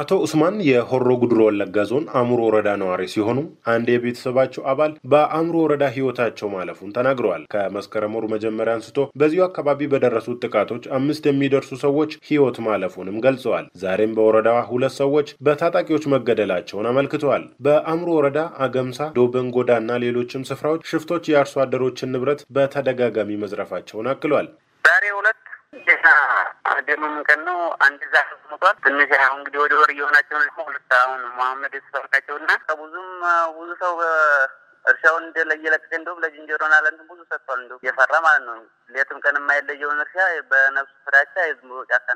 አቶ ኡስማን የሆሮ ጉድሮ ወለጋ ዞን አእምሮ ወረዳ ነዋሪ ሲሆኑ አንድ የቤተሰባቸው አባል በአእምሮ ወረዳ ሕይወታቸው ማለፉን ተናግረዋል። ከመስከረም ወር መጀመሪያ አንስቶ በዚሁ አካባቢ በደረሱት ጥቃቶች አምስት የሚደርሱ ሰዎች ሕይወት ማለፉንም ገልጸዋል። ዛሬም በወረዳዋ ሁለት ሰዎች በታጣቂዎች መገደላቸውን አመልክተዋል። በአእምሮ ወረዳ አገምሳ፣ ዶበንጎዳ እና ሌሎችም ስፍራዎች ሽፍቶች የአርሶ አደሮችን ንብረት በተደጋጋሚ መዝረፋቸውን አክሏል። ደም ቀን ነው። አንድ ዛ ሞቷል። ትንሽ አሁን እንግዲህ ወደ ወር እየሆናቸው ነው። ሁለት አሁን መሐመድ የተሰበቃቸው እና ብዙም ብዙ ሰው እርሻውን እንደ እንደለየለቀቀ እንደውም ለዝንጀሮና ለእንትን ብዙ ሰጥቷል። እንደው እየፈራ ማለት ነው ሌትም ቀን የማይለየውን እርሻ በነፍሱ ፍራቻ ዝም ብሎ ጫካ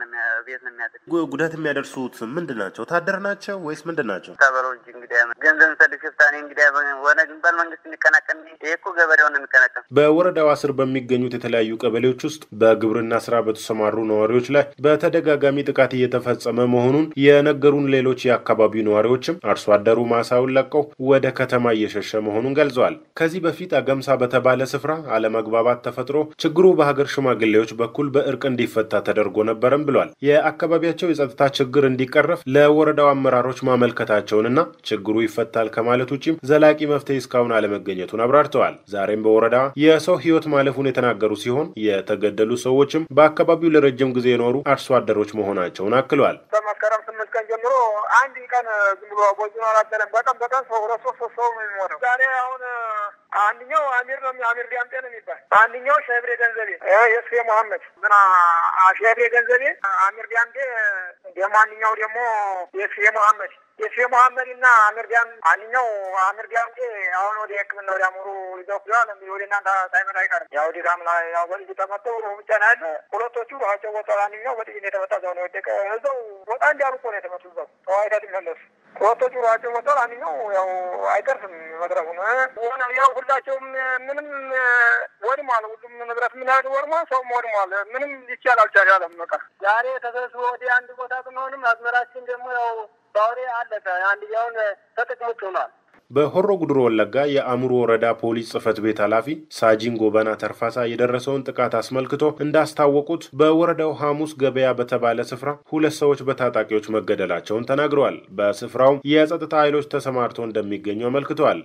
ቤት ነው የሚያደርግ። ጉዳት የሚያደርሱት ምንድን ናቸው? ወታደር ናቸው ወይስ ምንድን ናቸው? ከበሮ እንጂ እንግዲህ ገንዘብ ሰልፍ ሽፍታኔ እንግዲህ ሆነ ግንባል መንግስት የሚቀናቀን ይህ እኮ ነው የሚቀናቀን። በወረዳዋ ስር በሚገኙት የተለያዩ ቀበሌዎች ውስጥ በግብርና ስራ በተሰማሩ ነዋሪዎች ላይ በተደጋጋሚ ጥቃት እየተፈጸመ መሆኑን የነገሩን ሌሎች የአካባቢው ነዋሪዎችም አርሶ አደሩ ማሳውን ለቀው ወደ ከተማ እየሸሸ መሆኑን ገልጸዋል። ከዚህ በፊት አገምሳ በተባለ ስፍራ አለመግባባት ተፈጥሮ ችግሩ ችግሩ በሀገር ሽማግሌዎች በኩል በእርቅ እንዲፈታ ተደርጎ ነበረም ብሏል። የአካባቢያቸው የጸጥታ ችግር እንዲቀረፍ ለወረዳው አመራሮች ማመልከታቸውንና ችግሩ ይፈታል ከማለት ውጪም ዘላቂ መፍትሄ እስካሁን አለመገኘቱን አብራርተዋል። ዛሬም በወረዳ የሰው ህይወት ማለፉን የተናገሩ ሲሆን የተገደሉ ሰዎችም በአካባቢው ለረጅም ጊዜ የኖሩ አርሶ አደሮች መሆናቸውን አክለዋል። አንድ ቀን ዝም ብሎ ቦዝኖ አላደረም። በቀን በቀን ሰው ረሶ ሶስት ሶስት ሰው ነው የሚሞተው። ዛሬ አሁን አንድኛው አሚር ነው አሚር ዲያምጤ ነው የሚባል አንድኛው ሸብሬ ገንዘቤ የስፌ መሐመድ ምና ሸብሬ ገንዘቤ አሚር ዲያምጤ ደግሞ አንድኛው ደግሞ የስፌ መሐመድ የሼ መሐመድ እና አምር ዲያም አንኛው አምር ዲያም አሁን ወደ ሕክምና ወደ አምሩ ይዘው ብለዋል። ወደ እናንተ ሳይመጣ አይቀርም። ያው ድጋም ላይ ያው በልጅ ተመተው ብቻ ነው ያለ። ሁለቶቹ ራሳቸው ወጣ፣ አንኛው በጥይት ነው የተመታ፣ እዛው ነው የወደቀ። እዛው ወጣ እንዲያሉ እኮ ነው የተመቱ። እዛው ጠዋይታ ድመለሱ ሁለቶቹ ራሳቸው ወጣ፣ አንኛው ያው አይቀርፍም መድረኩን ሆነ። ያው ሁላቸውም ምንም ወድሟል። ሁሉም ንብረት ምን ያህል ወድሟል፣ ሰውም ወድሟል። ምንም ሊቻል አልቻል ያለም በቃ ዛሬ ተሰብስቦ ወደ አንድ ቦታ ብንሆንም አዝመራችን ደግሞ ያው አለፈ አንድ አንድያውን ተጥቅሙት ሆኗል። በሆሮ ጉድሮ ወለጋ የአእምሮ ወረዳ ፖሊስ ጽህፈት ቤት ኃላፊ ሳጂን ጎበና ተርፋሳ የደረሰውን ጥቃት አስመልክቶ እንዳስታወቁት በወረዳው ሐሙስ ገበያ በተባለ ስፍራ ሁለት ሰዎች በታጣቂዎች መገደላቸውን ተናግረዋል። በስፍራውም የጸጥታ ኃይሎች ተሰማርቶ እንደሚገኙ አመልክተዋል።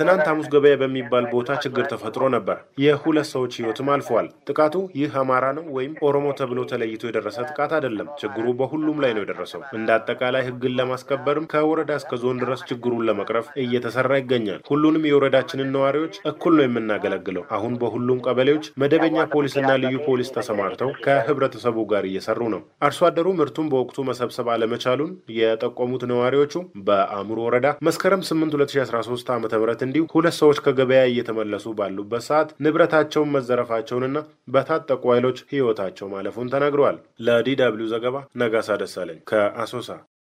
ትናንት ሐሙስ ገበያ በሚባል ቦታ ችግር ተፈጥሮ ነበር። የሁለት ሰዎች ህይወትም አልፏል። ጥቃቱ ይህ አማራ ነው ወይም ኦሮሞ ተብሎ ተለይቶ የደረሰ ጥቃት አይደለም። ችግሩ በሁሉም ላይ ነው የደረሰው። እንደ አጠቃላይ ህግን ለማስከበርም ከወረዳ እስከ ዞን ድረስ ችግሩን ለመቅረፍ እየተሰራ ይገኛል። ሁሉንም የወረዳችንን ነዋሪዎች እኩል ነው የምናገለግለው። አሁን በሁሉም ቀበሌዎች መደበኛ ፖሊስና ልዩ ፖሊስ ተሰማርተው ከህብረተሰቡ ጋር እየሰሩ ነው። አርሶ አደሩ ምርቱን በወቅቱ መሰብሰብ አለመቻሉን የጠቆሙት ነዋሪዎቹ በአእምሮ ወረዳ መስከረም 8 2013 ዓ ም እንዲሁ ሁለት ሰዎች ከገበያ እየተመለሱ ባሉበት ሰዓት ንብረታቸውን መዘረፋቸውንና በታጠቁ ኃይሎች ህይወታቸው ማለፉን ተናግረዋል። ለዲ ደብልዩ ዘገባ ነጋሳ ደሳለኝ ከአሶሳ